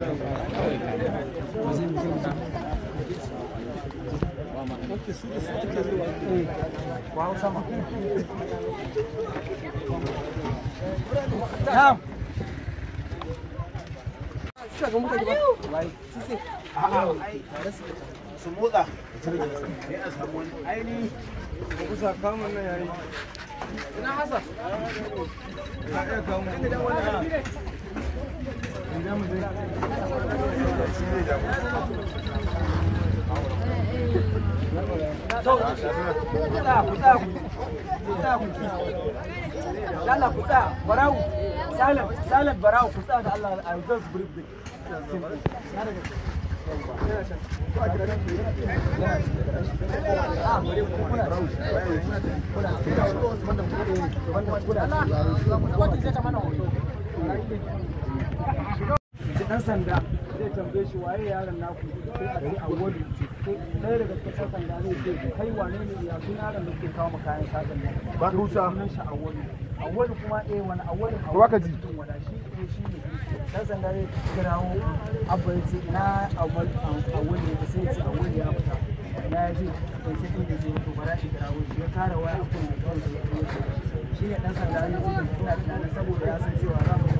Na'am. Suka ga muka gaba. Wai, sisi. A'a, ai, tare suka su motsa. Sai a samu wani. Ai ni ba ku sa kamun nan yayi. Ina hasa. Ka iya kamun. Allah ku tsaya barawu salad salad barawu ku tsaya da Allah a Ɗan sanda zai tambaye shi waye yaron naku sai a ce awali ɗaya daga cikin sanda zai ce kai wane ne ya sun yaron da ke kawo kayan sakan nan ba rusa sunan shi kuma eh wani awali awali a ji shi shi ne dan sanda zai kirawo abba ya ce na awali awali da sai ya ce awali ya fita na ya ce ban sai inda zai to bara shi kirawo shi ya kare waya a kan da kawai shi ne ɗan sanda zai ce ina tunanin saboda ya san cewa za mu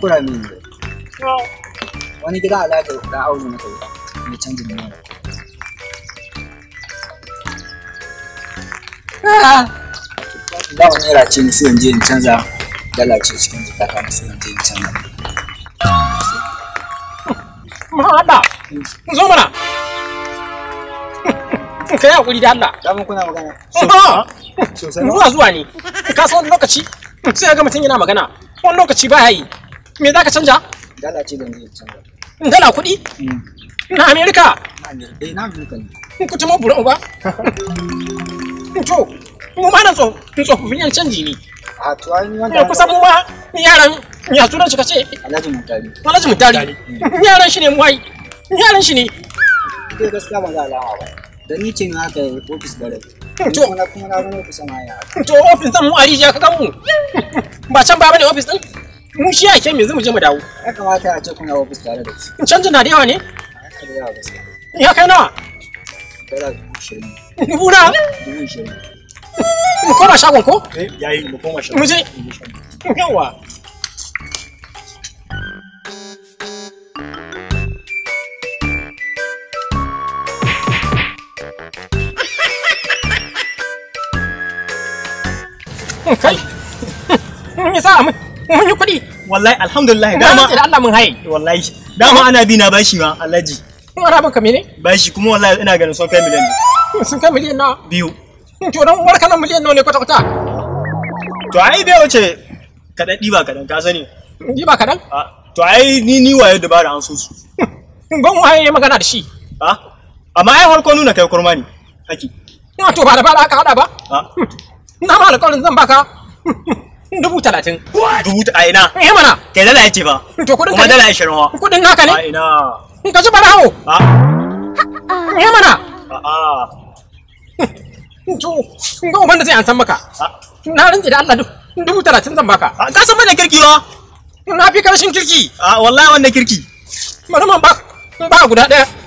kura ne wani gida alaƙar da aure na kai mai canjin naira ba wani naira ce ni sai in canza dala ce cikin jikata na sai in canza Mahaɗa, zo mana. ka yi hakuri da Allah. kuna magana. Sosai. Zuwa zuwa ne. Ka san wani lokaci sai ga mutum yana magana. wani lokaci ba yi me za ka canja dala ce da ne canja dala kuɗi mm. na amerika na amerika eh, ne kuta ma buru ba to mu ma nan tsofaffin yan canji ne a to an yi wanda kusa mu ma yaran ya sunan shi kace alhaji mutari alhaji mutari mm. yaran shi ne mu ai yaran shi ne gaskiya ba za a ba da ni ce na haka ofis bare hmm, to kuma kuma ofis ma ofis mu ari ja ka kan mu ba can ba bane ofis din mu shi ya ke mu je mu dawo ya kamata a ce kuna ofis tare da shi canji na da yawa ne ya kai nawa dubu na shagon ko eh, mu je kai mun yi mun yi kuɗi wallahi alhamdulillah dama da Allah mun haye wallahi dama ana bi na bashi ma alhaji mun ara baka mene bashi kuma wallahi ina ganin sun kai miliyan sun kai miliyan na biyu to dan uwar kana miliyan nawa ne kwata kwata to ai bai wuce kaɗan ɗiba kaɗan ka sani ɗiba kaɗan to ai ni ni waye dabara an so su ban hm, waye ya magana da shi a amma ai harko nuna kai kurma ne haki to ba da ba aka hada ba na alƙawarin zan baka dubu talatin dubu a ina eh mana kai dala yace ba to kudin kuma dala ashirin wa kudin naka ne a ina ka zuba rawo eh mana a'a to ga uban da zai an san maka na rinji da Allah dubu talatin zan baka ka san mana kirki wa na fi karshen kirki a wallahi wannan kirki mana man ba ba guda daya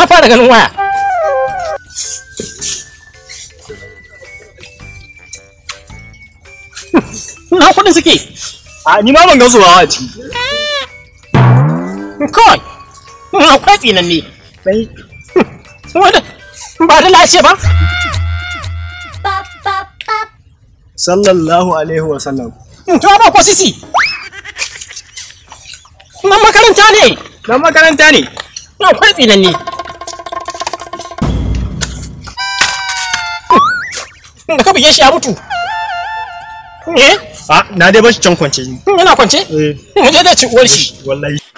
na fara ganin waya na kudin suke a ni ma ban gansu ba a ciki Na akwai tsinan ne ba da lashe ba sallallahu alaihi wa sallam to ba ko sisi nan makaranta ne nan makaranta ne akwai tsinan ne nan hmm, da ka buge shi ya mutu hmm, eh ah, na dai bashi can kwance ni hmm, yana kwance eh mu je da ci uwar shi wallahi